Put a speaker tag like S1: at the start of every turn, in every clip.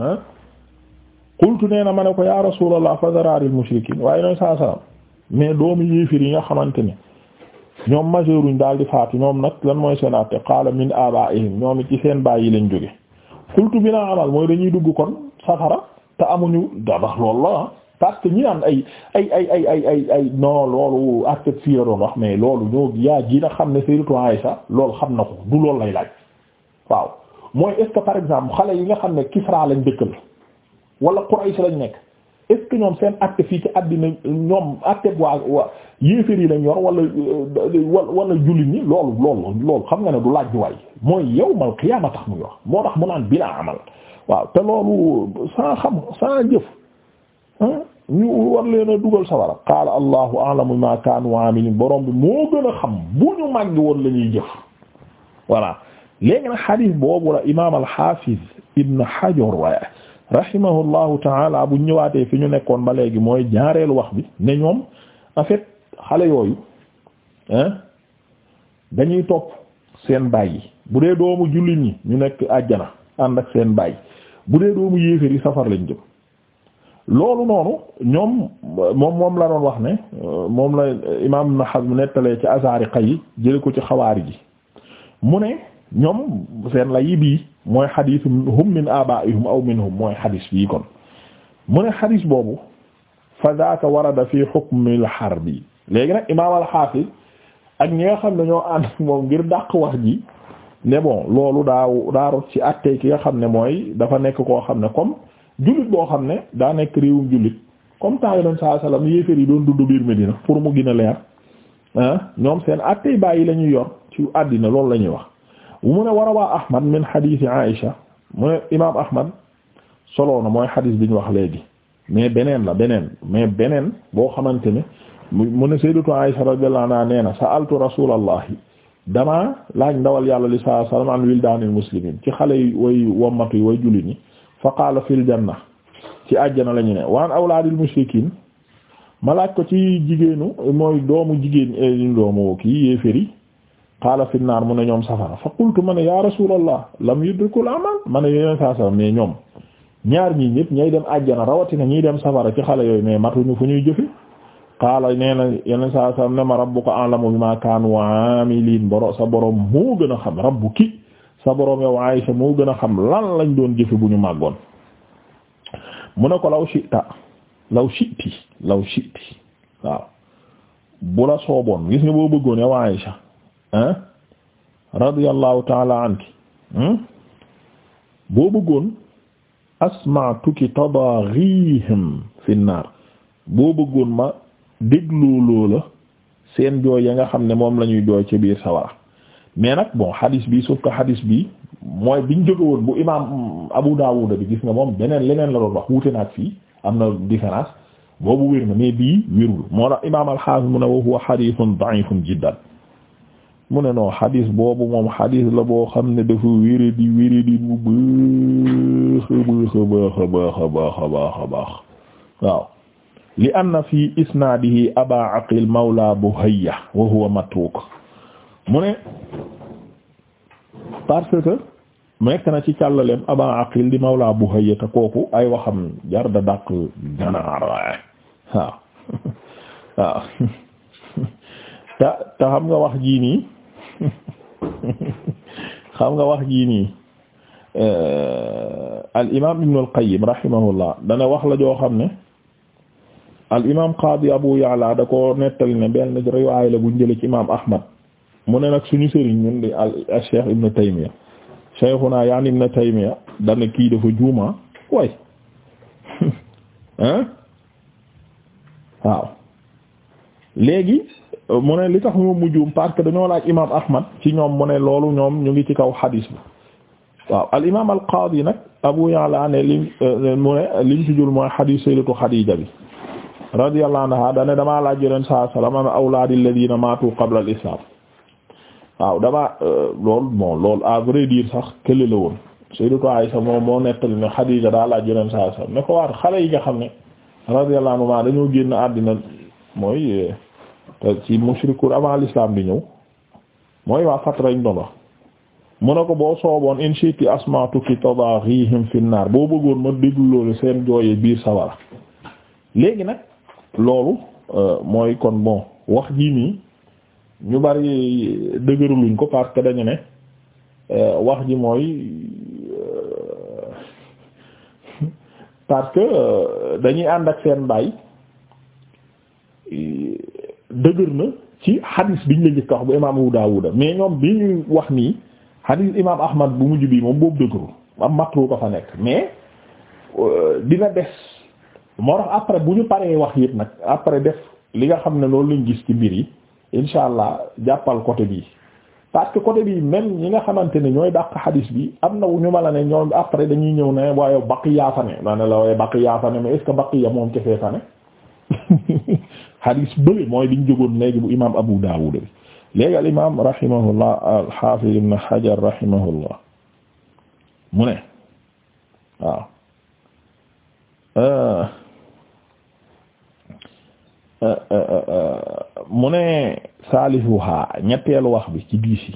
S1: ah qultu nee na ma ne ko ya rasulallah fa zararil mushrikin waaye noonu saa salaam mais doomu yéefir yi nga xamante ne ñoom majeuruñ daal di faatu ñoom nag lan mooy seen atte qaala min abaihim ñoom it ci seen baay yi lañ jóge qultu bi naa mooy dañuy dugg kon safara te amuñu dabax lool la parce que ñi naan ay ay ay ay ay ay ay non loolu atte fii doon wax mais loolu ñoo yaa ji na xam ne Sayyidatu Aisha lool xam na ko du loolu lay laaj waaw mooy est par exemple xale yi nga xam ne Kisra lañ dëkkal wala Quraysh lañ nekk est ñoom seen acte fii ci àddina ñoom acte waa waa yi lañ yor euh, wala wala jullit ñi loolu loolu loolu xam nga ne du laaj waay mooy yawmal qiyaama tax mu yor moo tax mu naan bilaa amal waaw te loolu saa xam sans jëf ñu war leen a dugal sawara qaala allahu a'lamu ma kaanu amilin borom bi moo gën a xam bu ñu màgg woon la ñuy jëf voilà léegi nag xadis boobu la imaam al-Hafiz Ibn Hajar rahimahullahu taala bu ñëwaatee fi ñu nekkoon ba léegi mooy ñaareelu wax bi ne ñoom en fait xale yooyu dañuy topp seen baay yi bu dee doomu jullit ñi ñu nekk àjjana ànd ak seen baay bu dee doomu yéeféer yi safar lañ jëm loolu noonu ñoom moom moom la doon wax ne moom la imaam Ibn mu nettalee ci Azariqa yi jële ko ci xawaari ji mu ne ñoom seen la yi bii mooy xadis hum min abaihum aw minhum mooy xadis bii kon mu ne xadis boobu fa zaaka warada fi xukmil bi léegi nag imaam alxaafis ak ñi nga xam ne ñoo ànd moom ngir dàq wax ji ne bon loolu daa daarut ci attey ki nga xam ne mooy dafa nekk koo xam ne comme jullit boo xam ne daa nekk réewum jullit comme temps yonent saa sallam yéeféer yi doon dund biir Medina pour mu gën a leer ah ñoom seen attey bàyyi la ñuy yor ci àddina loolu la ñuy wax mu ne warawaa ahmad min xadiisi aïsha mu ne imam ahmad soloo na mooy xadis bi ñu wax léegi mais beneen la beneen mais beneen boo xamante ne mu ne sayyidatu aïsha radiyallahu anha nee na sa'altu rasulallahi damaa laaj ndawal yàlla li sallallahu alayhi wa sallam an wildaanil muslimin ci xale yi way wommatu yi way julli ñi fa qaala fil janna ci àjjana la ñu ne waan awlaadil mushrikiin ma laaj ko ci jigéenu mooy doomu jigéen eh, doomu kii yéeféri qaala fi naar mu ne ñoom safara fa qultu ma ne ya rasulallah lam yudrikul amal ma ne yeneen saa sara mais ñoom ñaar ñii ñëpp ñay dem àjjana rawatina ñiy dem safara ci xale yooyu mais matuñu fu ñuy jëfe qaala nee na yeneen saa sara ne ma rabbuka a'lamu bima kaanu aamiliin boro sa borom moo gën a xam rabbuki sa borom yow Aysa moo gën a xam lan lañ doon jëfe bu ñu màggoon mu ne ko law shi'ta law shi'ti law shi'ti waaw bu la sooboon gis nga boo bëggoon radiyallahu taala anki hmm? boo bëggoon asmaatuki tadaghihim fi naar boo bëggoon ma dégloo loola seen jooy ya nga xam ne moom la ñuy jooy ci biir sawara mais nag bon hadis bi sauf que hadis bi mooy biñ jóge woon bu imaam Abu Dawud bi gis nga moom beneen leneen la doon wax wuute na ak fii am na différence boobu wér na mais bii wérul moo tax imaam al-Hafiz mu ne wa huwa hadithun da'ifun jiddan mu ne non xadis boobu moom xadis la boo xam ne dafa wéré di bu baax a baax a baax a baax a baax a baax waaw li anna fi isnaadihi aba aqil mawla buhayya wa huwa matruk mu ne parce que mu nekk na ci càllaleem aba aqil di mawla buhayya te kooku ay waxam jar dàq ganaar waaw waaw te te xam nga wax jii xam nga wax gii nii euh, al imaam Ibn al Qayyim rahimahullah dana wax la joo xam ne al imaam Qaadi Abu Ya'la da ko nettali ne benn riwaay la bu njële ci imaam Ahmad mu ne nag suñu sëriñ ñun di al Cheikh Ibn Taymiyya Cheikhuna yaani Ibn Taymiyya dana kii dafa juuma way hein waaw léegi mu ne li tax mu mujjum parce que dañoo laaj imam ahmad ci ñoom mu ne loolu ñoom ñu ngi ci kaw xadiis bi waaw al imam al nag abu ya'la ne lim euh, mu ne lim ci jul mooy xadiis sayyidatu xadiija bi radiyallahu anha dane damaa laaj yoleen saa sallam an awlaadi alladina maatu qabla al islam waaw damaa euh, loolu bon loolu à vrai dire sax kële la woon sayyidatu Aysa moom daa laaj yoleen saa sallam ne ko waat xale yi nga xam ne radiyallahu anhu dañoo génn àddina mooy euh, te euh, ci mushrikun avant l'islam bi ñëw mooy waa fatra ñu doon mu ne ko boo sooboon in shi'ti asma'tuki tadaghihim fi an-nar boo bëggoon ma déglu loolu seen jooye biir sawara léegi nag loolu euh, mooy kon bon wax ji nii ñu bari dëgëruluñ ko parce que dañu ne euh, wax ji mooy parce que dañuy ànd ak seen baay dëgër na ci hadis biñ la njëkk wax bu imam Abu Daawuda mais ñoom bii ñuy wax nii hadis imam Ahmad bu mujj bii moom boobu dëgëru am matru ko fa nekk mais euh, dina des moo tax après bu ñu paree wax yit nag après def li nga xam ne loolu lañ gis ci mbir yi insha allah jàppal côté bii parce que côté bii même ñi nga xamante ne ñooy dàq hadis bi am na ñu ma la ne ñoom après dañuy ñëw ne waaye baqi yaa fa ne maa ne la waaye baqi yaa fa ne mais est ce que moom kefee fa ne xadis bële mooy biñ jógoon léegi bu imam Abu Dawud bi léegi al imam rahimahullah al-Hafiz ibn Hajar rahimahullah mu ne waaw mu ne saalihuha ñetteelu wax bi ci biisi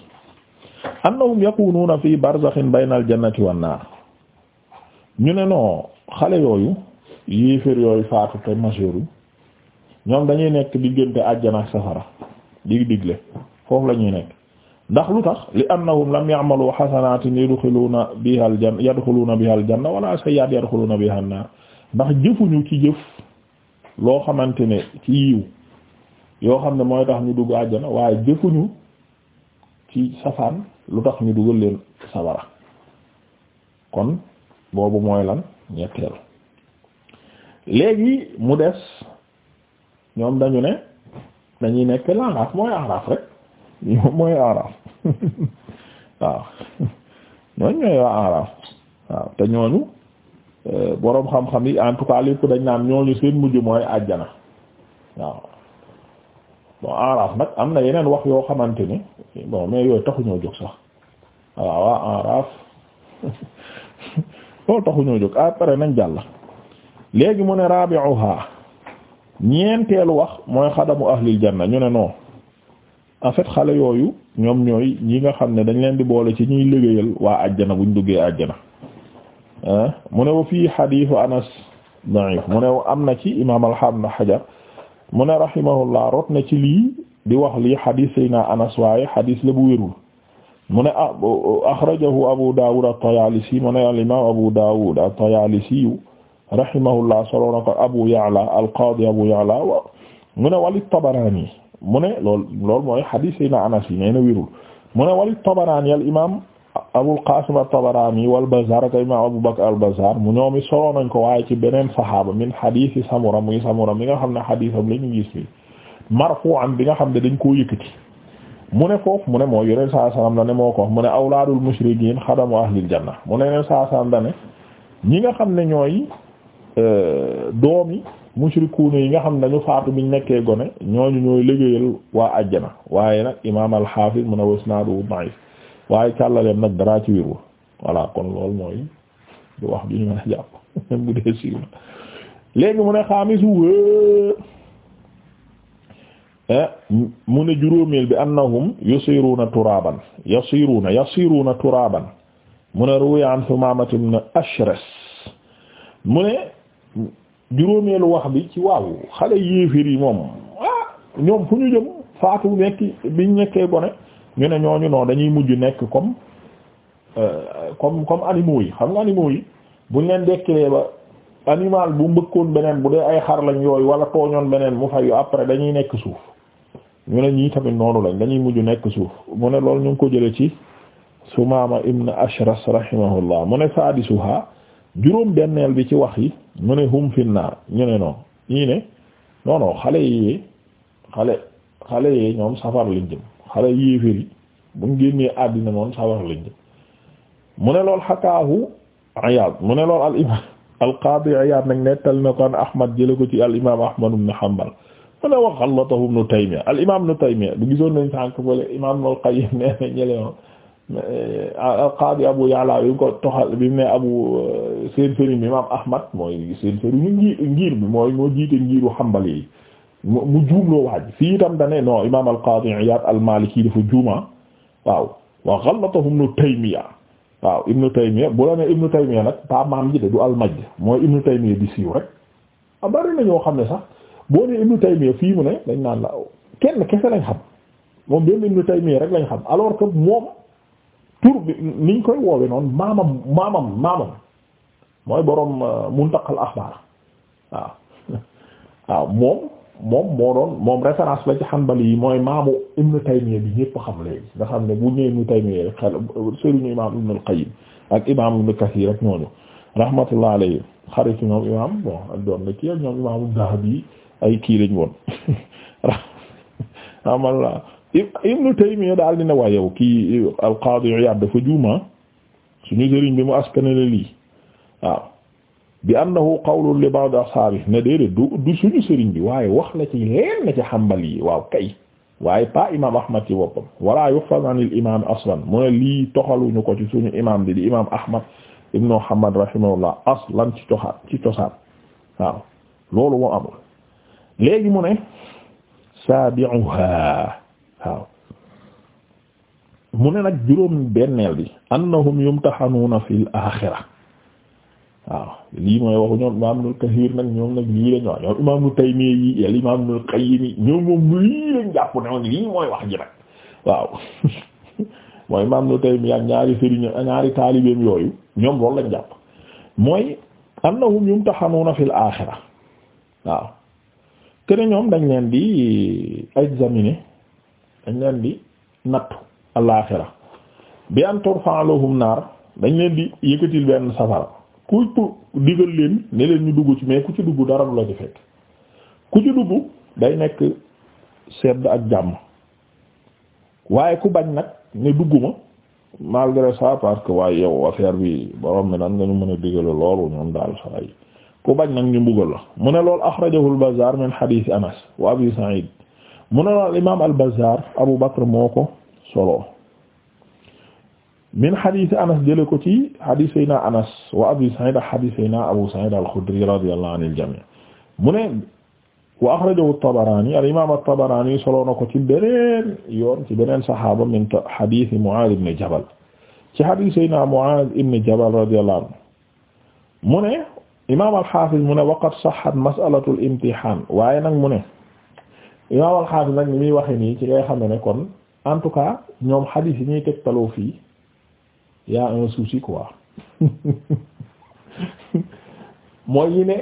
S1: annahum yakununa fi barzakhin bayna al-jannati wan-naar ñu ne non xale yooyu yéeféer yooyu faatu te majeur ñoom dañuy nekk diggante àjjana ak safara di digle foofu la ñuy nekk ndax lu tax li annahum lam ya'malu xasanatin yadxuluuna biha al janna yadxuluuna biha al janna wala sayyi'at yadxuluuna biha an naar ndax jëfuñu ci jëf loo xamante ne ci yoo xam ne mooy tax ñu dugg àjjana waaye jëfuñu ci safaan lu tax ñu dugal leen safara kon boobu mooy lan ñetteel léegi mu des ñoom dañu ne dañuy nekk laaraaf mooy aaraaf rek mooy aaraaf waaw ñooñ ñooy waa aaraaf waaw te ñooñu euh, boroom xam-xam yi en tout cas dañ naan ñooñu seen mujj mooy àjjana waaw bon aaraaf nag am na yeneen wax yoo xamante ni bon mais yooyu taxuñoo jóg sax waaw waa aaraaf loolu taxuñoo jóg après nañ jàll léegi mu ne rabi'uha ñeenteelu wax mooy xadamu ahlil janna ñu ne non en fait xale yooyu ñoom ñooy ñii nga xam ne dañ leen di boole ci ñuy liggéeyal waa ajjana buñ duggee ajjana mu ne wa fii xadiisu anas da'if mu ne am na ci imaam alxaamna xajar mu ne rahimahullah rot na ci lii di wax lii xadiis sayna anas waaye xadiis la bu wérul mu ne a ah, axrajahu abu daawud at-tayaalisi mu ne al imaam abu daawud rahimahullah solo na ko Abu Ya'la al-Qadi Abu Ya'la wa mu ne wali Tabarani mu ne lool loolu mooy hadith yi na Anas yi nee na mu ne wali Tabarani al imaam Abul Qasim at-Tabarani wal Bazzar ak Abu Bakr al mu ñoom it solo nañ ko waaye ci beneen saxaaba min hadith Samura muy Samura mi nga xam ne haditham la ñu gis nii bi nga xam ne dañ koo yëkkati. mu ne foofu mu ne moo yore saa salaam la ko mu ne awlaadul mushrikiin xadamu ahlil ne saa salaam la ñi nga xam ne ñooy. Euh, doomi mushrikuuna yi nga xam ne dañu faatu biñ nekkee gone ñooñu ñooy liggéeyal waa ajjana waaye nag imaam al-Hafiz mun a wasnaadu waaye càllaleem nag daraa ci wér voilà kon loolu mooy du wax bi ñu mën a jàpp na léegi mu ne xaamisu eh, mu ne juróomeel bi annahum yasiruuna turaaban yasiruuna yasiruuna turaaban mu ne ruwiya an Sumaamata ibn mu ne juróomeelu wax bi ci waaw xale yéeféer yi moom ah ñoom fu ñu jëm faatu nekk biñ nekkee bone ñu ne ñu non dañuy mujj nekk comme euh, comme comme animaux yi xam nga animaux yi leen dekkilee ba animal bu mbëkkoon beneen bu dee ay xar lañ yooyu wala tooñoon beneen mu yu après dañuy nekk suuf ñu ne ñii tamit noonu lañ dañuy mujj nekk suuf mu ne loolu ñu ngi ko jële ci su Sumaama ibn Ashras rahimahullah mu ne saadisuha juróom benneel bi ci wax yi mu ne hum finnaar ñu ne noonu ñii ne non xale yi xale xale yi ñoom safar lañ jëm xale yéeféer yi bu ñu génnee àddina noonu safar lañ jëm mu ne lool xakaahu Iyaad mu ne lool al imaam al qaadi Iyaad nag nettal na ko an Ahmad jële ko ci al imaam Ahmad ibn xambal mu ne wa xallatahu ibn Taymiyya al imaam ibn Taymiyya du gisoon nañ sànk fële imaam al Qayyim nee na ñële Euh, qaadi abu ya'la yu ko toxal bi mu ne abu euh, seen sëriñ bi imaam ahmad mooy seen sëriñu ngi ngir bi mooy moo jiite ngiru xambali yi mu juumloo waaj fii tam dane non imaam al qaadi iyaad al maliki dafa juuma waaw wa ghalatahu ibnu taymiya waaw ibnu taymiya bu ne ibnu taymiya nag pa maam ji de du al mooy ibnu taymiya di siiw rek a ah, bari na ñoo xam ne sax boo ne ibnu taymiya fii mu ne dañ naan la kenn kese lañ xam moom rek lañ xam alors que tur bi niñ koy woowe noonu maamam maamam maamam mooy boroom euh, muntaqal axbaar waaw waaw moom moom moo doon moom référence la ci xanbali yi mooy maamu Ibnu Taymiyya bi ñëpp xam léegi nga xam ne bu ñëwee Ibnu Taymiyya rek xel sëriñu imaam Ibnu al-Qayyim ak imaam Ibnu Kasiir rek ñooñu rahmatullah alayhi xaritu ñoom imaam bon ak doom la kii ak ñoom imaamu Dahabi ay kii lañ woon rahmatullah Ibnu Taymiyya daal di ne waa yow kii al-Qaadi Iyaad dafa juuma ah. suñu sëriñ bi mu askanale lii waaw bi annahu li ba'd ashaabi ne déedéet du du suñu sëriñ bi waaye wax la ci leen na ci Hanbali yi waaw kay waaye pas imaam Ahmad ci boppam wala yuhfaz an al-imaam toxaluñu ko ci suñu imaam bi di imaam Ahmad ibn Muhammad rahimahullah aslan ci coxaat ci cosaan waaw loolu moo amul léegi mu waaw mu ne nag juróom benneel bi annahum yumtahanuuna fil axira waaw lii mooy waxu ñoom imaam Ibnul Kasiir nag ñoom nag lii lañ wax ñoom imaam Ibnu Taymiyya yi al lii mooy wax ji nag waaw mooy imaam Ibnu Taymiyya ak ñaari sëriñ ñaari taalibeem yooyu ñoom loolu lañ jàpp mooy annahum yumtahanuuna fil axira waaw kene ñoom dañ leen di examiner dañ leen di nattu alaaxira bi an turfa lahum naar dañ leen di yëkkatil benn safara ku digal leen ne leen ñu dugg ci mais ku ci dugg dara du la ci fekk ku ci dugg day nekk sedd ak jàmm waaye ku bañ nag ne dugguma malgré ça parce que waaye yow affaire bi borom mi nan nga ñu mën a digale loolu ñoom daal saa yi ku bañ nag ñu mbugal la mu ne loolu axrajahul bazaar min xadiisi anas wa abi sa'id mu ne al imaam al Bazzaar Abu Bakr moo ko solo min xadiisi Anas jëlee ko ci xadiis Seydina Anas wa Abi Saïd ak xadiis Seydina Abu Saïd al-Xudri radiyallahu anil jamii' mu ne wa axrajahu at-Tabaraani al imaam at-Tabaraani solo na ko ci beneen yoon ci beneen saxaaba min xadiisi Muaaz ibn Jabal ci xadiis Seydina Muaaz ibn Jabal radiyallahu anhu mu ne imaam al-Xaafiz mu ne waqad sahhat mas'alatul imtihaan waaye nag mu ne. imaam alxaafis nag ni muy waxe nii ci ngay xam ne kon en tout cas ñoom xadiis yi ñuy tegtaloo fii y a un souci quoi mooy ñu ne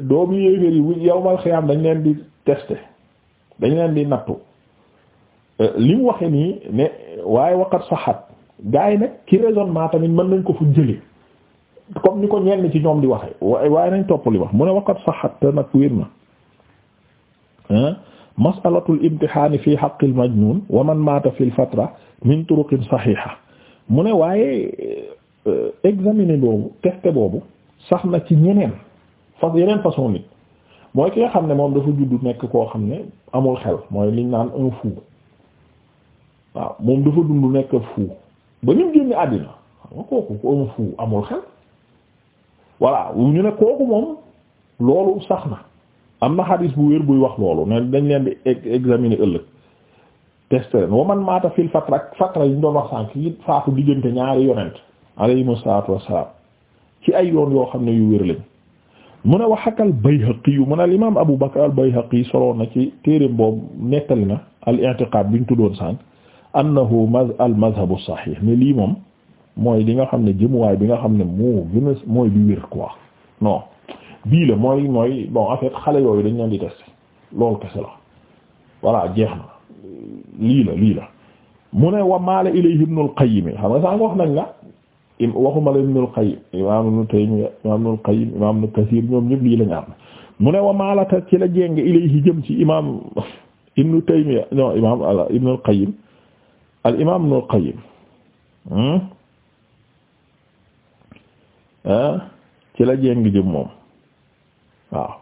S1: doomu yéeféer yi yowmal xiyaam dañ leen di tester dañ leen di nattu euh, li mu waxe nii ne waaye waqat saxaat gaa yi nag ci raisonnement tamit mën nañ ko fu jële comme ñu ko ñeen ñenn ci ñoom di waxe waaye nañ topp li wax mu ne waqat saxaat te nag wér na masalatul imtihaani fi haqqil majnuun wa man maata fil fatra min turuqin sahiha mu ne waaye euh, examiner boobu test boobu sax na ci ñeneen fas yeneen façon nit mooy ki nga xam ne moom dafa juddu nekk koo xam ne amul xel mooy liñ naan un fou waaw moom dafa dund nekk fou ba ñu génne àddina xam nga kooku ku un fou amul xel voilà ñu ne kooku moom loolu sax na. am na xadis bu wér buy wax loolu ne dañ leen di examiner ëllëg test leen wa man maata fil fatra ak fatra yi ñu doon wax sànk yi faatu diggante ñaari yonent alayhimu salaatu wassalaam ci ay yoon yoo xam ne yu wér lañ mu a wax ak al Bayhaqi yu mu ne al imaam Abu Bakr al Bayhaqi soloon na ci téereem boobu nettali na al i'tiqaad bi ñu tuddoon sànk annahu maz al mazhabu sahih ne lii moom mooy li nga xam ne jëmuwaay bi nga xam ne moo gën a mooy bi wér quoi bii la mooy mooy bon en fait xale yooyu dañ leen di tester loolu kese la voilà jeex na lii la lii la mu ne wa ilayhi Ibnul Qayyim xam nga sax nañ la waxuma la Ibnul Qayyim imaam Ibnu Taymiyya imaam Ibnul Ibnu Kasiir ñoom ñëpp la ñu am mu ne wa maala ta ci la jéng ilayhi jëm ci imaam Ibnu al imaam hmm? eh? ci la jéng jëm moom. waaw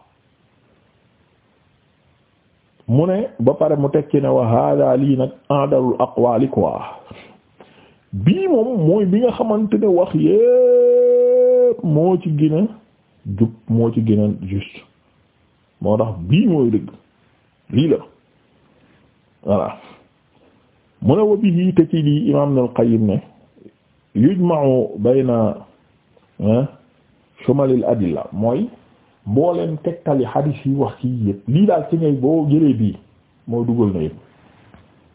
S1: mu ne ba pare mu tekki ne wa hada lii nag adalul aqwali bii moom mooy bi nga xamante ne wax yépp moo ci gën a jub moo ci gën a juste moo tax bii mooy dëgg lii la voilà mu ne wa bihi te ci lii imam Ibnul Qayyim ne yujma'u bayna shumalil adilla mooy mbooleem tegtal yi xadiis yi wax kii yëpp lii daal ci ngay boo jëlee bii moo dugal na yëpp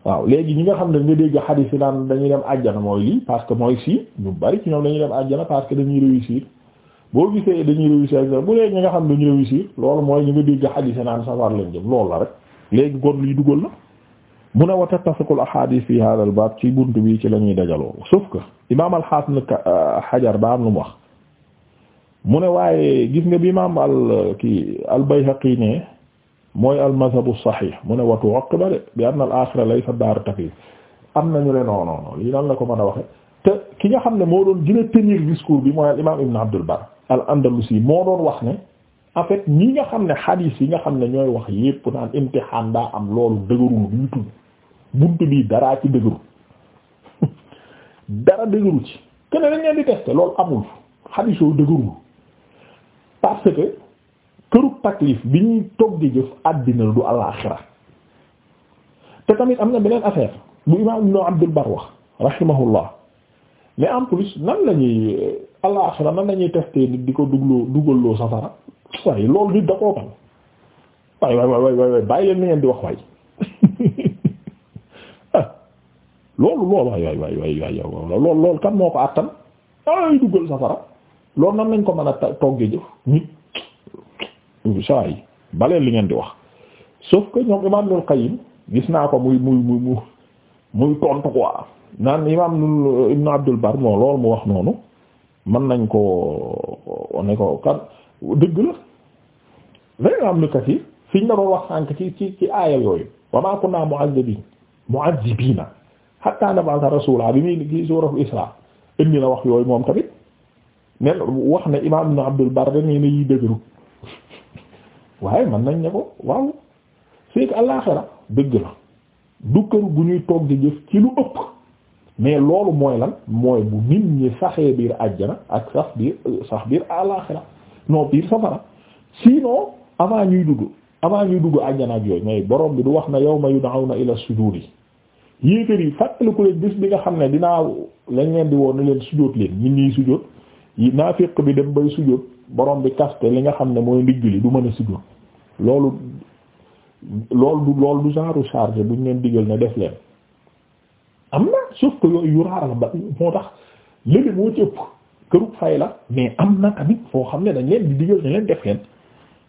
S1: waaw léegi ñi nga xam ne nga dégg xadiis yi naan dañuy dem àjjana mooy lii parce que mooy si ñu bari ci ñoom dañuy dem àjjana parce que dañuy réussir boo gisee dañuy réussir bu dee ñi nga xam ne dañuy réussir loolu mooy ñu nga dégg xadiis yi naan safar lañ jëm loolu la rek léegi kon lii dugal na mu ne wa tattafiqul ahadis fi hada al baab ci bunt bi ci la ñuy dajaloo sauf que imaam alxaasna xajar euh, daa am lu mu mu ne waaye gis nga bi imaam al kii al-Bayhaqi ne mooy al-mazhabu sahih mu ne watu waq ba de bi anna al-akhira laysa daar taklif am nañu ne non non non lii nan la ko mën a waxe te ki nga xam ne moo doon gën a tenir discours bi mooy al-imaam Ibn Abdul Barr al-Andalusi moo doon wax ne en fait ñi nga xam ne hadith yi nga xam ne ñooy wax yépp naan imtihaan daa am loolu dëgërul biitul buntu bii daraa ci dëgëru dara dëgëru ci kenn dañ leen di tester loolu amul hadith yooyu dëgërul parce que këru taklif bi ñuy togg di jëf àddina du alaaxira te tamit am na beneen affaire bu imaam Ibn Abdul Bar wax rahimahullah mais en plus nan la ñuy alaaxira nan la ñuy tester nit di ko dugloo dugalloo safara waaye loolu nit da koo bañ waaye waaye waaye bàyyi leen ni ngeen di loolu loolu waay moo ko àttan ay duggal safara. lool nan lañ ko mën a toggee jëf nit saa yi balee li ngeen di wax sauf que ñoom imam Ibnul Qayyim gis naa ko muy muy muy muy muy tontu quoi naan imam Ibn Abdul Bar moo loolu mu wax noonu mën nañ ko ne ko dëgg la mais imam Ibn Kathir fiñ la doon wax sànk ci ci ci aaya yooyu wa maa kunnaa mu'azzibiin mu'azzibiina hattaa nab'atha rasuulaa bi muy ci suuratul Israa indi na wax yooyu moom tamit nen wax na imaam ibn Abdul Barr nee na yi dëgëru waaye man nañ ne ko waaw c'est que àllaaxira dëgg du kër gu ñuy toog di jëf ci lu ëpp mais loolu mooy lan mooy bu nit ñi saxee biir àjjana ak sax biir sax biir àllaaxira non biir safara sinon avant ñuy dugg avant ñuy dugg àjjana ak yooy mais borom bi du wax na yow mayu yud'awna ila sujudi yéefar yi fàttaliku leen bis bi nga xam ne dinaa lañ leen di woon ne leen sujoot leen ñun ñuy sujoot naafiq bi dem bay sujjóot borom bi kaste li nga xam ne mooy ndigg li du mën a sujjóot loolu loolu du loolu du genre charge buñ leen digal ne def leen am na sauf ba moo tax la am na xam ne dañ leen di digal ne leen def leen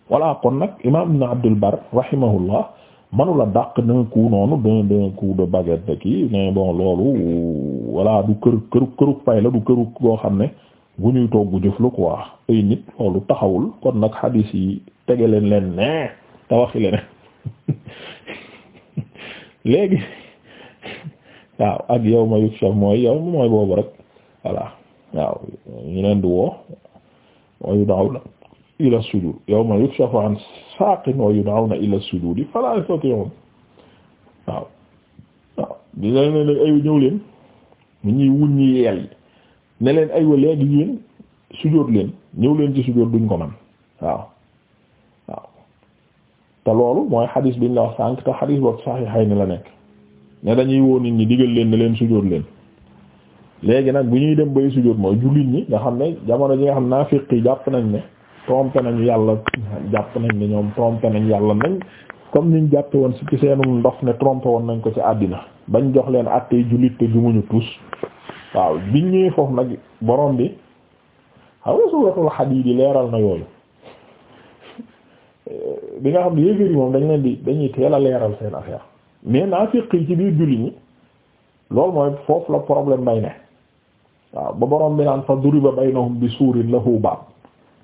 S1: voilà kon nag imam ibn Abdul Bar rahimahullah manula dàq d'un coup noonu d'un d'un coup de baguette de kii mais bon loolu voilà du kër kërug kërug fay koo xam ne bu ñuy togg jëf la quoi ay nit loolu taxawul kon nag xadiis yi tege leen leen ne te waxi leen léegi waaw ak yow ma yukshaf mooy yow mooy boobu rek voilà waaw ñu leen di woo wa yud'awna ila sujud yawma yukshafu an saqin wa yud'awna ila sujudi fala yastati'un waaw waaw di leen ne ay ñëw leen ñu ñuy wuññi yeel yi ne leen aywa léegi yéen sujjóot leen ñëw leen ci sujjóot duñ ko man waaw waaw te loolu mooy xadis biñ la wax sànq te xadis boobu saxiixay ni la nekk ne dañuy woon nit ñi digal leen ne leen sujjóot leen léegi nag bu ñuy dem bay sujjóot mooy jullit ñi nga xam ne jamono ji nga xam naa naafiq yi jàpp nañ ne trompé nañu yàlla jàpp nañ ne ñoom trompé nañ yàlla nañ comme niñ jàppe woon ci seenum ndox ne trompé woon nañ ko ci àddina bañ jox leen àttee jullit te jumuñu waaw biñ ñëwee foofu nag borom bi xam nga suuratul Hadiid leeral na yooyu eh, bi nga xam ne yéefar yi moom dañ leen di dañuy teel a leeral seen affaire mais naafiq yi ci biir julli ñi loolu mooy foofu la problème bay ne waaw ba borom bi naan fa duriba baynahum bi suurin lahu baab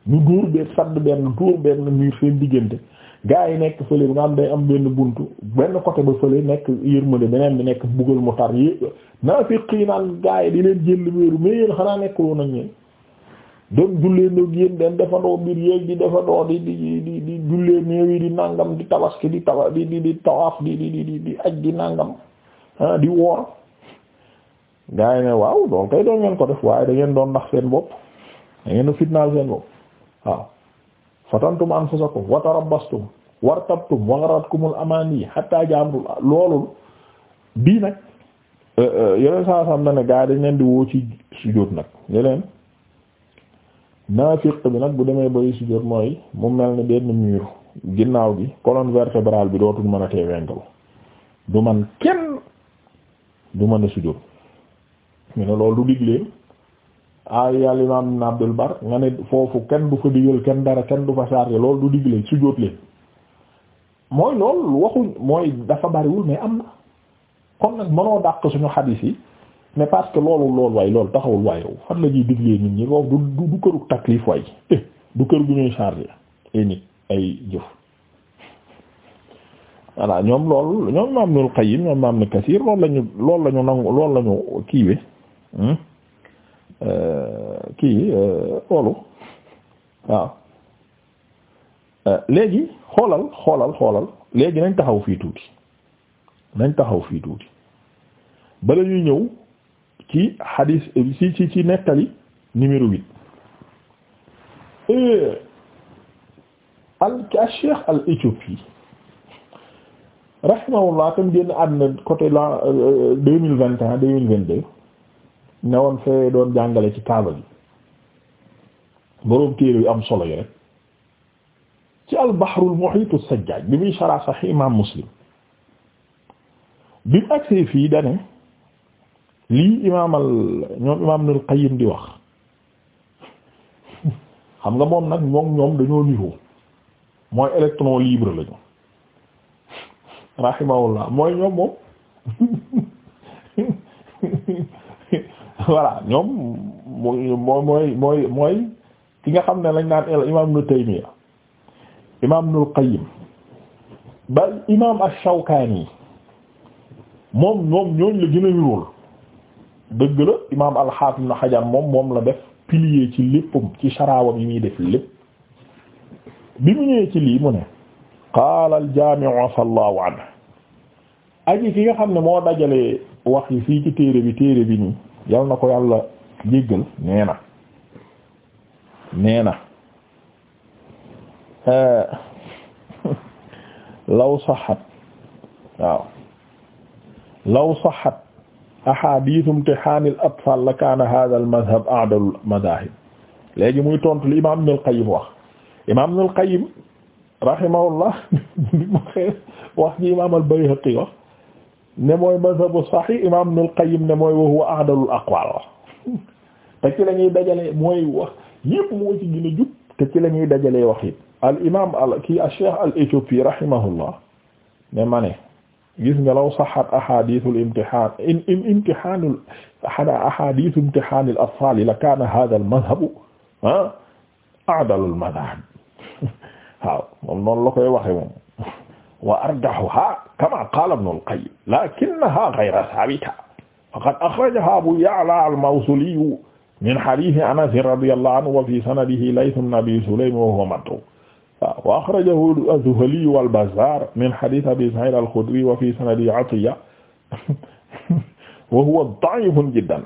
S1: ñu duur benn sadd benn duur benn mur seen diggante gaa yi nekk fële bu nga am day am benn buntu benn côté ba fële nekk yërmande beneen bi nekk buggal mu tar yi naa fi xii naan gaa yi di leen jël wéeru mais yéen xanaa nekk woon ak ñeen doon jullee ndoog yéen den defandoo biir yéeg di defandoo di di di di jullee di nàngam di di taba di di di di di aj di nàngam ah di woor gaa yi ne waaw loolu kay doon ngeen ko def waaye da ngeen doon ndax seen bopp da ngeen a fitnaal seen bopp waaw fatantum anfusakum wa tarabbastum wartabtum wa gharatkumul amani hatta jaamul loolu bii nag yeneen saa sam na ne gaa yi dañ leen di woo ci sujjóot nag ne leen naafiq bi nag bu demee bay sujjóot mooy mu mel ni benn mur ginnaaw gi colonne vertébrale bi dootul mën a tee wengalu du man kenn du mën sujjóot ñu ne loolu digleen ay al imam ibn Abdul Bar nga ne foofu kenn du fa digal kenn dara kenn du fa chargé loolu du digle sujjóot leen mooy loolu waxuñ mooy dafa bariwul mais am na kon nag mënoo dàq suñu xadis yi mais parce que loolu lool waaye loolu taxawul waaye fan la ñuy diglee nit ñi foofu du du këru taklif way eh, du kër gu ñuy chargé ay eh, nit ay jëf voilà ñoom lool ñoom Imaam Ibnul Qayyim ñoom Imaam Ibn Kasiir loolu lañu loolu lañu nangu loolu lañu kiiwe hmm? Euh, kii loolu euh, waaw euh, léegi xoolal xoolal xoolal léegi nañ taxaw fii tuuti nañ taxaw fii tuuti bala ñuy ñëw ci hadis ci ci ci nettali numéro huit al cheikh al éthiopie rahimahullah tam génn àddina côté la deux mille vingt et un deux mille vingt deux newoon fee doon jàngale ci kaaba bi boroom téere yu am solo yi rek ci albahrul muhitu sajjaaj bi muy sharah sahih muslim bi mu agsee fii dane lii imaam al ñoom imaam nul qayyim di wax xam nga moom nag moom ñoom dañoo niveau mooy électron libre lañu rahimahullah mooy ñoom moom voilà ñoom mooy mooy mooy mooy ki nga xam ne lañ naan el imaam Ibnu Taymiya imaam Ibnul Qayyim ba imaam Ash-Shawkaani moom moom ñooñ la gën a ñuul dëgg la imaam al-Haafiz Ibnu moom moom la def pilier ci léppam ci sharaawam yi muy def lépp bi mu ñëwee ci lii mu ne qaala al-jaami'u sallallahu anhu aji ki nga xam ne moo dajale wax yi fii ci téere bi téere bi nii yal na ko yàlla jéggal nee na nee na euh, law saxat waaw law saxat ahadithu imtihaanil atfal la kaana hadha al madhab a'dal madahib léegi muy tontu li imam Ibnul Qayyim wax imam Ibnul Qayyim rahimahullah wax ji imam al-Bayhaqi wax ne mooy mazhabu sahih imam Ibnul Qayyim ne mooy wa huwa ahdalul aqwal te ci la ñuy dajalee mooy wax yëpp moo ci gën a jub te ci la ñuy dajalee wax yëpp al imam al kii ash-Shaykh al éthiopie rahimahullah ne ma ne gis nga law saxat ahadithul imtihan imtihanul ahadithu imtihanil atfal la kaana hadha al madhabu ah ahdalul madhab waaw moom noonu la koy waxe moom wa arjahuha kama qala ibn al-Qayyim lakinnaha ghayra thabita faqad akhrajaha Abu Ya'la al-Mawsili min hadith Anas radiyallahu anhu wa fi sanadihi Layth ibn Abi Sulaym wa huwa matruk wa akhrajahu az-Zuhli wal Bazzar min hadith Abi Sa'id al-Khudri wa fi sanadihi Atiyya wa huwa da'ifun jiddan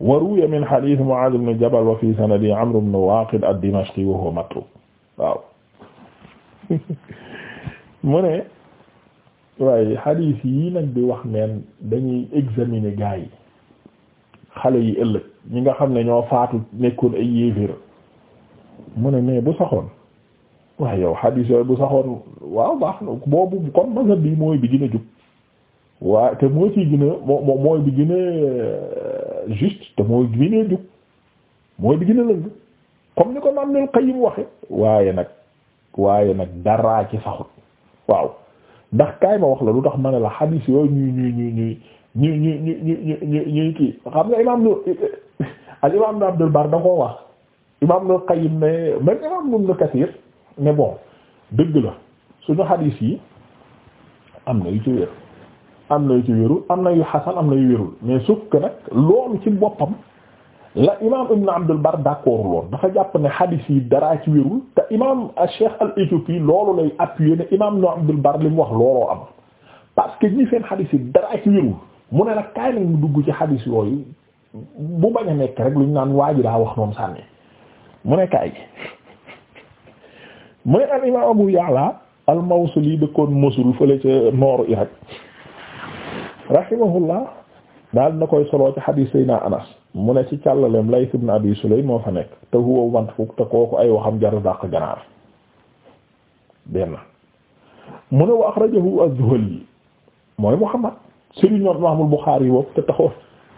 S1: wa ruwiya min hadith Mu'adh ibn Jabal wa fi sanadihi Amr ibn Waqid ad-Dimashqi wa huwa matruk waaw mu ne waaye hadith yi nag bi wax neen dañuy examiner gaa yi xale yi ëllëg ñi nga xam ne ñoo faatu nekkoon ay yéeféer mu ne mais bu saxoon waaye yow hadith yooyu bu saxoon waaw baax na boobu kon mazhab bi mooy moo ci gën a mooy bi gën a euh, juste te mooy bi gën a mooy bi gën a lëng comme ni ko Ibnul Qayyim waxe waaye nag waaye nag daraa ci saxut waaw ndax kaay ma wax la lu tax ma ne la xadiis yooyu ñuy ñuy ñuy ñuy ñu ñu ñu ñu ñu ñuy kii xam nga imaam nu al imaam nu Abdul Bar da koo wax imaam nu Qayyim ne même imaam nu nu Kasiir ne bon dëgg la suñu xadiis yi am na yu ci wér am na yu ci wérul am na yu xasan am na yu wérul mais sauf que loolu ci boppam la imam ibn abdul bar d'accord loon dafa jàpp ne hadith yi daraa ci wérul te imam cheikh al éthiopie loolu lay appuyer ne imam ibn abdul bar li mu wax looloo am parce que ñi seen hadith yi daraa ci wérul mu ne nag kaay lañ mu dugg ci hadith yooyu bu bañ a nekk rek lu ñu naan waa ji daa wax noonu sànni mu ne kaay mu ne al imam abu ya'la al mawsuli dëkkoon mosul fële ca nooru iraq rahimahullah na koy soloo ci hadith sayna anas mu ne ci càllalem Layth ibn Abi Sulaym moo fa nekk te huwa man fukk te kooku ay waxam jar dàq ganaar benn mu ne wa akhrajahu az-Zuhli mooy Muhammad Serigne Mor Mahmoud Bukhari yi boobu te taxoon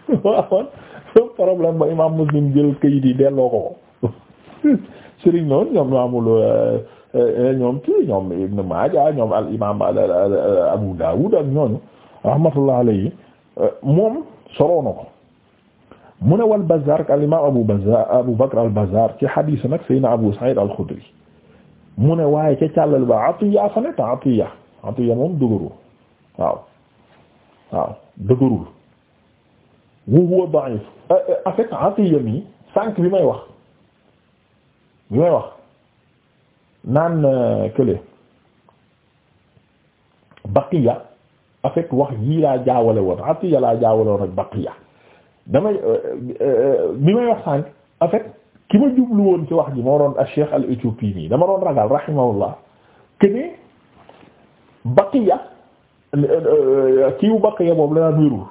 S1: waawoon problème ba imam Muslim jël kayit yi delloo ko ko Serigne noonu ñoom Mahmoud eh, eh, ñoom kii ñoom Ibn Maaja ñoom al imam Abu Dawud ak ñooñu rahmatullah alayhi eh, moom soroo ko mu ne wal Bazzaar al imaam Abu Bazzaar Abu Bakr al Bazzaar ci xadiis nag Seydina Abu Saïd al Xudri mu ne waaye ca càllal ba Atiya fa ne ta Atiya Atiya moom dëgërul waaw waaw dëgërul wa huwa da'if euh, euh, en fait Atiya mi sànq bi may wax bi may wax naan euh, kële Baqiya en fait wax yii laa jaawale woon Atiya laa jaawale woon ak Baqiya damay euh, euh, bi may wax sànq en ki ma jublu woon ci wax ji moo doon Cheikh al éthiopie nii dama doon ragal rahimahullah que ne baqiya euh, kiiwu baqiya boobu la naan wérul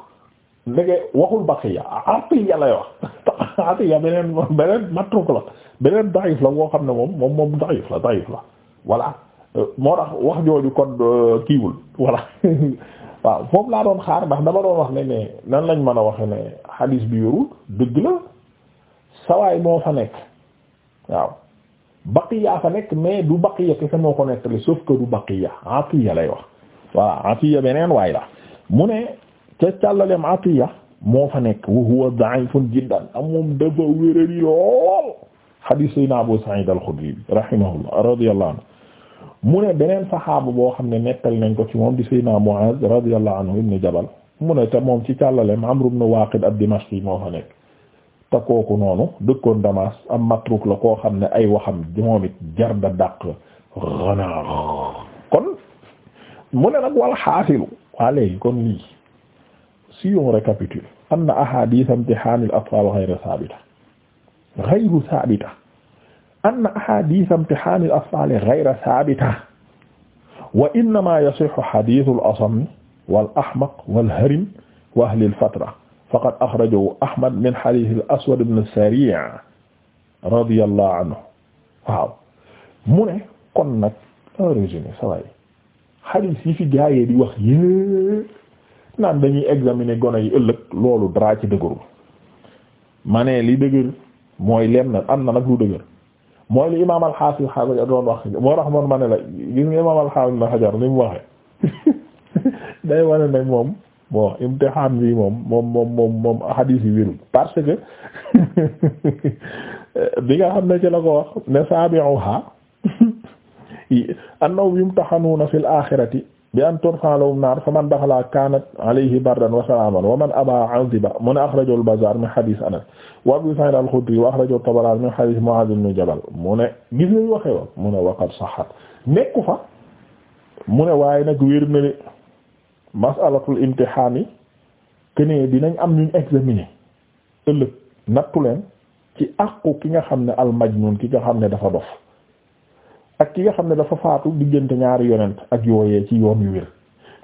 S1: ndege waxul baqiya atiya lay wax atiya beneen beneen matruk la beneen daif la boo xam ne moom moom moom daif la daif la voilà moo tax wax jooju kon kiiwul voilà waaw foofu laa doon xaar ndax dama doon wax ne ne nan lañ mën a waxe ne xadiis bi yorul dëgg la sawaay moo fa nekk waaw baqiya fa nekk mais du baqiya kese moo ko li sauf que du baqiya atiya lay wax voilà atiya beneen waay la mu ne ca càllalem atiya moo fa nekk wa huwa da'ifun jiddan am moom dafa wérari lool hadith sayna Abu Sa'id al-Khudri rahimahullah radiyallahu anhu mu ne beneen saxaabu boo xam ne nettali nañ ko ci moom di Seydina Muaz radiyallahu anhu ibn Jabal mu ne te moom ci càllaleem Amr ibn Waqid ad-Dimashqi moo fa nekk te kooku noonu dëkkoon Damas am matruk la koo xam ne ay waxam moom it jar da dàq ganaar kon mu ne nag wal xaasilu waa léegi kon lii si on récapitule anna ahadith imtihan al atfal ghayra sabita ghayru anna ahadith imtihan al-atfal ghayra thabita wa innama yasihu hadith al-asam wal-ahmaq wal-harim wa ahli al-fatra faqad akhrajahu ahmad min hadith al-aswad ibn as-sari' radiyallahu anhu waaw mu ne kon nag en résumé saway hadith yi fi gaayee di wax yé naan dañuy examiner gone yi ëllëg loolu dara ci dëgërul ma ne li dëgër mooy lenn am na nag lu dëgër mooy li imaam alxaafis xajar doon wax moo tax man ma ne la gis nga imaam alxaafis na xajar ni mu waxee day wane ne moom moom moom moom moom moom parce que bi nga xam ne ci la ko wax ne saabi'uha annaw yumtaxanuuna fil aaxirati bi an turfa lahum naar faman daxala kanat alayhi bardan wa salaaman wa man aba aziba mu ne akhrajahu al-Bazzaar min hadiis Anas wa Abii Sa'iid al wa akhrajahu at-Tabaraani min hadiis Mu'aaz ibn Jabal mu ne gis nañu waxee woon mu ne waqad sahhat nekku fa mu ne waaye nag wér na de masalatul imtihaan yi que dinañ am ñu examiner ëllëg nattu leen ci àqu ki nga xam ne al-majnuun ki nga xam ne dafa dof ak ki nga xam ne dafa faatu diggante ñaari yonent ak yooyee ci yoon yu wér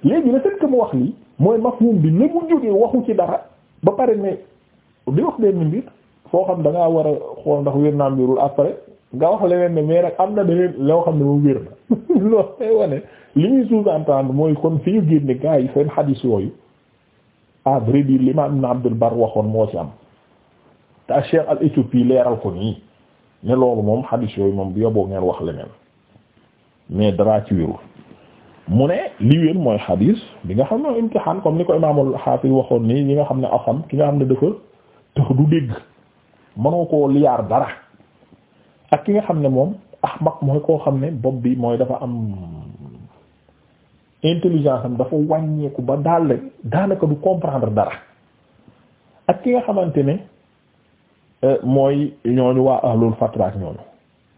S1: léegi le fait que mu wax lii mooy mafhum bi ne mu jógee waxu ci dara ba pare ne di wax benn mbir foo xam da ngaa war a xool ndax wér naa mbirul après nga wax leneen ne mais nag am na beneen loo xam ne moom wér na loolu lay wane li ñuy sous-entendre mooy kon fi ñu génne gars yi seen xadis yooyu à vrai li ma Ibn Abdul Bar waxoon moo ci am te Cheikh al Éthiopie leeral ko nii ne loolu moom xadis yooyu moom bu yoboo ngeen wax leneen. mais dara ci wéru mu ne li wéen mooy xadiis bi nga xam ne imtixaan comme ni ko imaamul xaafis waxoon nii yi nga xam ne asam ki nga xam ne dafa tax du dégg mënoo koo liyaar dara ak ki nga xam ne moom ahmaq mooy koo xam ne bopp bi mooy dafa am intelligence am dafa wàññeeku ba daal daanaka du comprendre dara ak ki nga xamante ne euh, mooy ñooñu waa ahlul fatraak ñooñu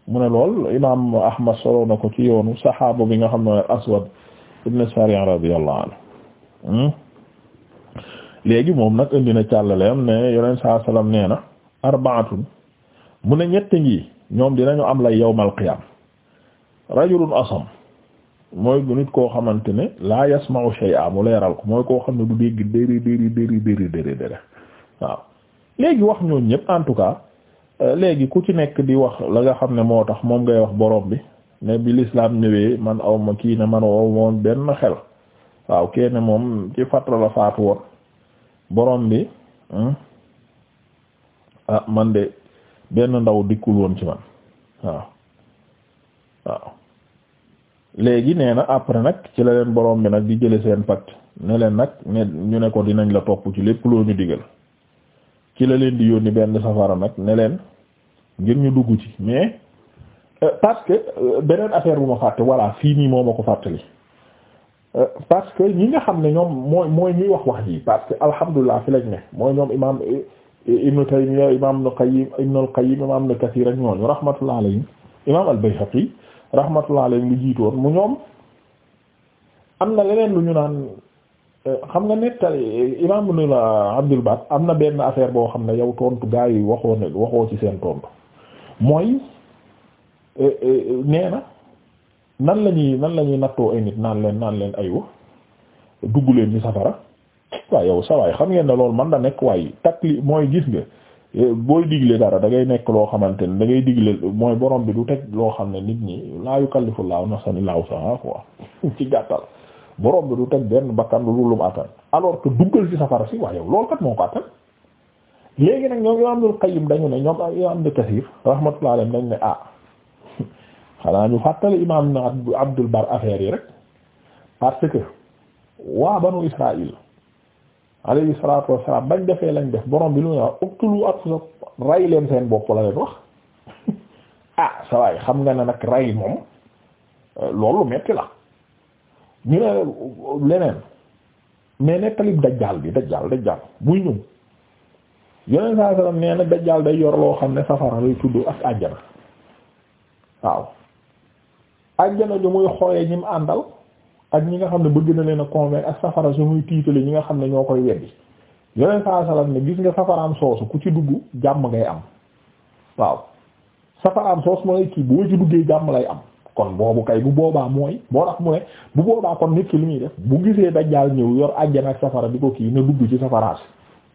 S1: mu ne lool imaam Ahmad solo na ko ci yoonu saxaaba bi nga xam ne Aswad ibn Sariya radiyallahu anhu hmm? léegi moom nag indi na càllaleem ne yoneen saa salaam nee na arbaatun mu ne ñett ngi ñoom dinañu am la yawmal qiyaam rajulun asam mooy bu nit koo xamante ne laa yasma'u shay'a mu leeral ko mooy koo xam ne du dégg déri déri déri déri déri déri waaw léegi wax ñoo ñëpp en tout cas Euh, léegi ku ci nekk di wax la nga xam ne moo tax moom ngay wax borom bi ne bi l'islam man aw ma kii ne man aw moom benn xel waaw kenn moom ci fatra la faatu woon borom bi hmm? ah man de benn ndaw dikkul woon ci man waaw waaw léegi nee na après nag ci la leen borom bi nag di jële seen pacte ne leen nag ne ñu ne ko dinañ la topp ci lépp loo ñu digal ci la leen di yónni benn safara nag ne leen ngir ñu dugg ci mais euh, parce que euh, beneen affaire bu ma fàtte voilà fii nii moo ma ko fàttali euh, parce que ñi nga xam ne ñoom mooy mooy ñuy wax wax yi parce que alhamdulilah fi lañ ne mooy ñoom imaam Ibn Taymiyya imaam Ibn Qayyim Ibn al-Qayyim imaam Ibn Kathir ak ñooñu rahmatullah alayhim imaam al-Bayhaqi rahmatullah alayhim lu jiitoon mu ñoom am na leneen lu ñu naan xam nga nettali imaam Ibn Abdul Baat am na benn affaire boo xam ne yow tontu gaa yi waxoo ne waxoo ci seen tontu. mooy eh, eh, nee nan la ñuy nan la ñuy nattoo ay nit naan leen naan leen aywa dugg leen ci safara waaye yow sa waay xam ngeen ne loolu man da nekk waaye takli mooy gis nga eh, booy digle dara da ngay nekk loo xamante ne dangay digle mooy borom bi du teg loo xam ne nit ñi laa yukallifu laaw nafsan illaa wusahaa quoi ci gàttal borom bi du teg benn bakkan lu lum attan alors que duggal ci safara si waaye yow loolu kat moo ko attan léegi nag ñoom Imaam Ibnul Qayyim dañu ne ñoom Imaam Ibnu Kasiir rahmatullahi dañu ne ah xanaa ñu fàttali Imaam Abdul Bar affaire yi rek parce que waa banu Israaïl alayhi salaatu wa bañ defee lañ def borom bi lu ñu wax uktulu anfusakum rey leen seen bopp la leen wax ah sa waay xam nga ne nag rey moom euh, loolu metti la ñu ne leneen mais nettalib dajjaal bi dajjaal dajjaal buy ñëw. yeneen saa salaam nee na dajjaal day yor loo xam ne safara lay tudd ak àjjana waaw àjjana ju muy xoolee ñi mu àndal ak ñi nga xam ne bëgg na leen a ak safara su muy tiitale ñi nga xam ne ñoo koy weddi yeneen saa salaam ne gis nga safaraam soosu ku ci dugg jàmm ngay am waaw safaraam soos mooy kii boo ci duggee jàmm lay am kon boobu kay bu boobaa mooy moo tax mu ne bu boobaa kon nit li muy def bu gisee dajjaal ñëw yor àjjana ak safara di ko kii dugg ci safaraas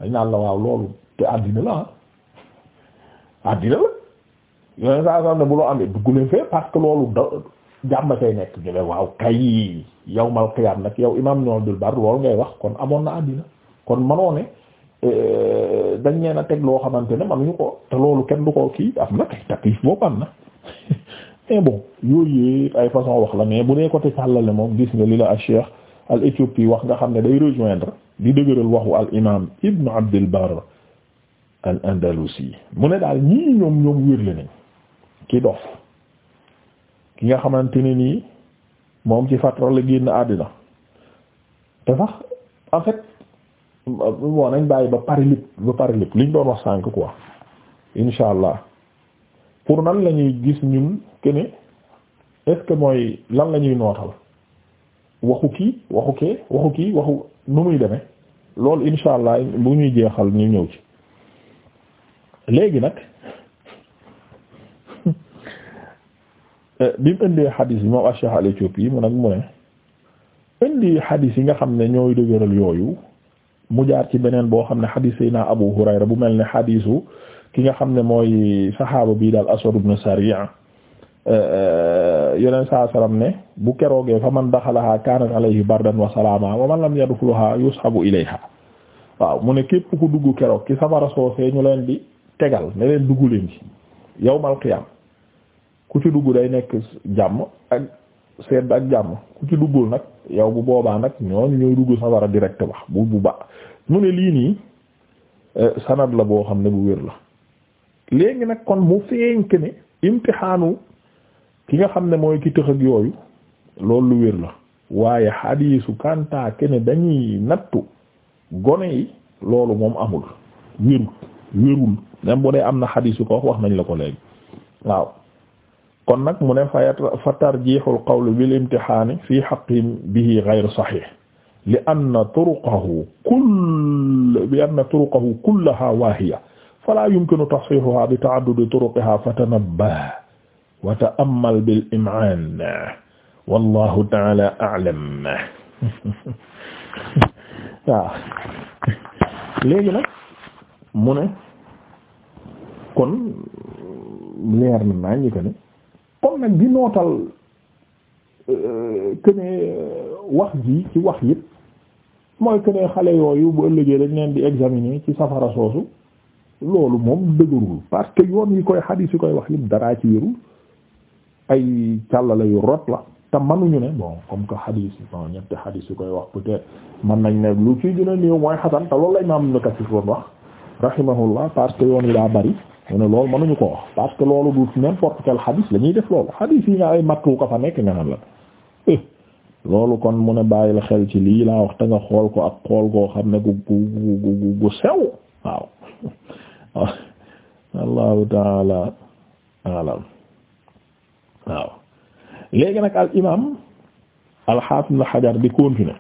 S1: dañ la waaw loolu te àddina la ah àddina la yoneen saa saam ne bu loo amee dugguleen fee parce que loolu da jàmm tay nekk ñu ne waaw kay yawmal qiyaam nag yow imam ñoom dul bar loolu ngay wax kon amoon na àddina kon manoo ne euh, dañ leen a teg loo xamante ne manuñu ko te loolu kenn du ko kii am na kay taklif boobu am na mais bon yooyu ay façon wax la mais bu dee côté sàllale moom gis nga li la a cheikh al éthiopie wax nga xam ne day rejoindre di dëgëral waxu al imam ibnu abdul bar al andalusi mu ne daal ñii ñoom ñoom wérle nañ ki dof ki nga xamante ne nii moom ci fatra la génn àddina te sax en fait nañ bàyyi ba pare lépp ba pare lépp liñ doon wax sànk ko insha allah pour nan la ñuy gis ñun que ne mooy lan la ñuy nootal waxu kii waxu kee waxu kii waxu nu muy demee loolu insha allah bu ñuy jeexal ñu ñëw ci léegi nag euh, bi mu indee xadiis bi moom Cheikh Al Éthiopie mu nag mu ne indi xadiis yi nga xam ne ñooy dëgëral yooyu mu jaar ci beneen boo xam ne xadiis yi naa Abu Hurayra bu mel ne xadiisu ki nga xam ne mooy saxaaba bii daal Aswad ibn Sari'a euh, euh, yeneen saa salaam ne bu keroogee fa man daxalaha kaanat alayhi bardan wa salaama wa man lam yadxuluha yushabu ilayha waaw mu ne képp ku dugg keroog ki safara soosee ñu leen di. tegal ne leen dugg leen ci yawmal qiyaam ku ci dugg day nekk jàmm ak sedd ak jàmm ku ci duggul nag yow bu boobaa nag ñooñu ñooy dugg safara direct ba bu bu ba mu ne lii nii eh, sanad la boo xam ne bu wér la léegi nag kon mu feeñ ne imtixaanu ki nga xam ne mooy ki tëx ak yooyu loolu lu wér la waaye xadiisu kanta kene dañuy nattu gone yi loolu moom amul wérut wérul même bu dee am na xadiis yu ko wax wax nañ la ko léegi waaw kon nag mu ne fayat fa tarjixul qawl bil imtixaani fii xaqin bihi gayru saxiix li anna turuqahu kull li anna turuqahu kullaha waahiya falaa yumkinu taxsiixuha bi ta'addudi turuqiha fatanabbah wa ta'ammal bil im'aan wallahu ta'ala a'lam waaw léegi nag mu ne kon leer na naa ñi que ne kon nag di nootal euh, que ne euh, wax ji ci wax yëpp mooy que ne xale yooyu bu ëllëgee dañ leen di examiner ci safara soosu loolu moom dëgërul parce que yoon yi koy xadiis yi koy wax yëpp daraa ci wérul ay la yu rot la te manuñu ne bon comme que xadiis bon ñetti xadiis yi koy wax peut-être mën nañ ne lu ci gën a néew mooy xasan te loolu la imaam Ibn Kathir doon wax rahimahullah parce que yoon yi daa bari mu ne loolu mënuñu ko wax parce que loolu du n'importe quel hadith la ñuy def loolu hadith yi nga ay mattu ko fa nekk nga naan la eh, loolu kon mu ne la xel ci lii laa wax te nga xool ko ak xool koo xam ne gu gu gu gu sew waaw allahu taala alam waaw léegi nag al imam al haafid al di continuer